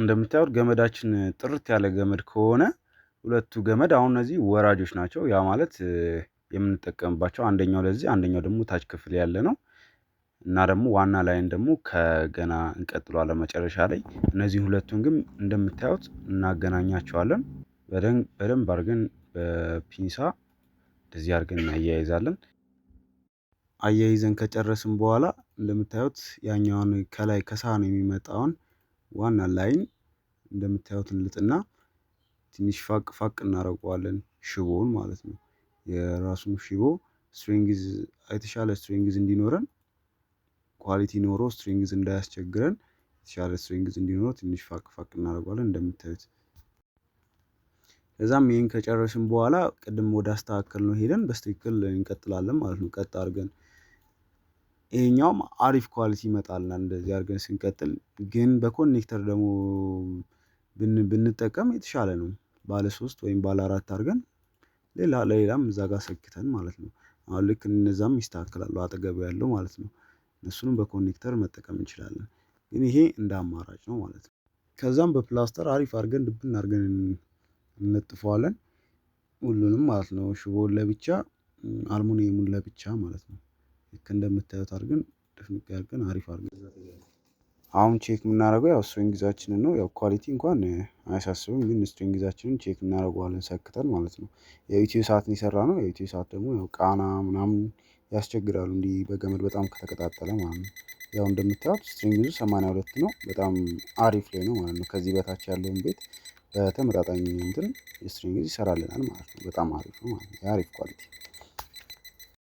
እንደምታዩት ገመዳችን ጥርት ያለ ገመድ ከሆነ ሁለቱ ገመድ አሁን እነዚህ ወራጆች ናቸው። ያ ማለት የምንጠቀምባቸው አንደኛው ለዚህ አንደኛው ደግሞ ታች ክፍል ያለ ነው እና ደግሞ ዋና ላይን ደግሞ ከገና እንቀጥሏለን መጨረሻ ላይ። እነዚህ ሁለቱን ግን እንደምታዩት እናገናኛቸዋለን። በደንብ አድርገን በፒንሳ እንደዚህ አድርገን እናያይዛለን። አያይዘን ከጨረስን በኋላ እንደምታዩት ያኛውን ከላይ ከሳህን የሚመጣውን ዋና ላይን እንደምታዩት እንልጥና ትንሽ ፋቅ ፋቅ እናደርገዋለን ሽቦውን ማለት ነው። የራሱን ሽቦ ስትሪንግዝ የተሻለ ስትሪንግዝ እንዲኖረን ኳሊቲ ኖሮ ስትሪንግዝ እንዳያስቸግረን የተሻለ ስትሪንግዝ እንዲኖረው ትንሽ ፋቅ ፋቅ እናደርገዋለን እንደምታዩት። ከዛም ይህን ከጨረስን በኋላ ቅድም ወደ አስተካከል ነው ሄደን በስትክክል እንቀጥላለን ማለት ነው። ቀጥ አድርገን ይሄኛውም አሪፍ ኳሊቲ ይመጣልናል እንደዚህ አድርገን ስንቀጥል ግን በኮኔክተር ደግሞ ብንጠቀም የተሻለ ነው። ባለ ሶስት ወይም ባለ አራት አድርገን ሌላ ለሌላም እዛ ጋር ሰክተን ማለት ነው። አሁን ልክ እነዛም ይስተካከላሉ አጠገቡ ያለው ማለት ነው። እነሱንም በኮኔክተር መጠቀም እንችላለን ግን ይሄ እንደ አማራጭ ነው ማለት ነው። ከዛም በፕላስተር አሪፍ አድርገን ድብን አድርገን እንለጥፈዋለን። ሁሉንም ማለት ነው ሽቦን ለብቻ አልሙኒየሙን ለብቻ ማለት ነው ልክ እንደምታዩት አድርገን ድፍንቅ አድርገን አሪፍ አድርገን አሁን ቼክ የምናደርገው ያው ስትሪንግዛችንን ነው። ያው ኳሊቲ እንኳን አያሳስብም፣ ግን ስትሪንግዛችንን ቼክ እናደርገዋለን ሰክተን ማለት ነው። የኢትዮ ሰዓትን የሰራ ነው። የኢትዮ ሰዓት ደግሞ ያው ቃና ምናምን ያስቸግራሉ፣ እንዲህ በገመድ በጣም ከተቀጣጠለ ማለት ነው። ያው እንደምታዩት ስትሪንግዙ ሰማንያ ሁለት ነው። በጣም አሪፍ ላይ ነው ማለት ነው። ከዚህ በታች ያለውን ቤት በተመጣጣኝ እንትን ስትሪንግዝ ይሰራልናል ማለት ነው። በጣም አሪፍ ነው ማለት ነው። የአሪፍ ኳሊቲ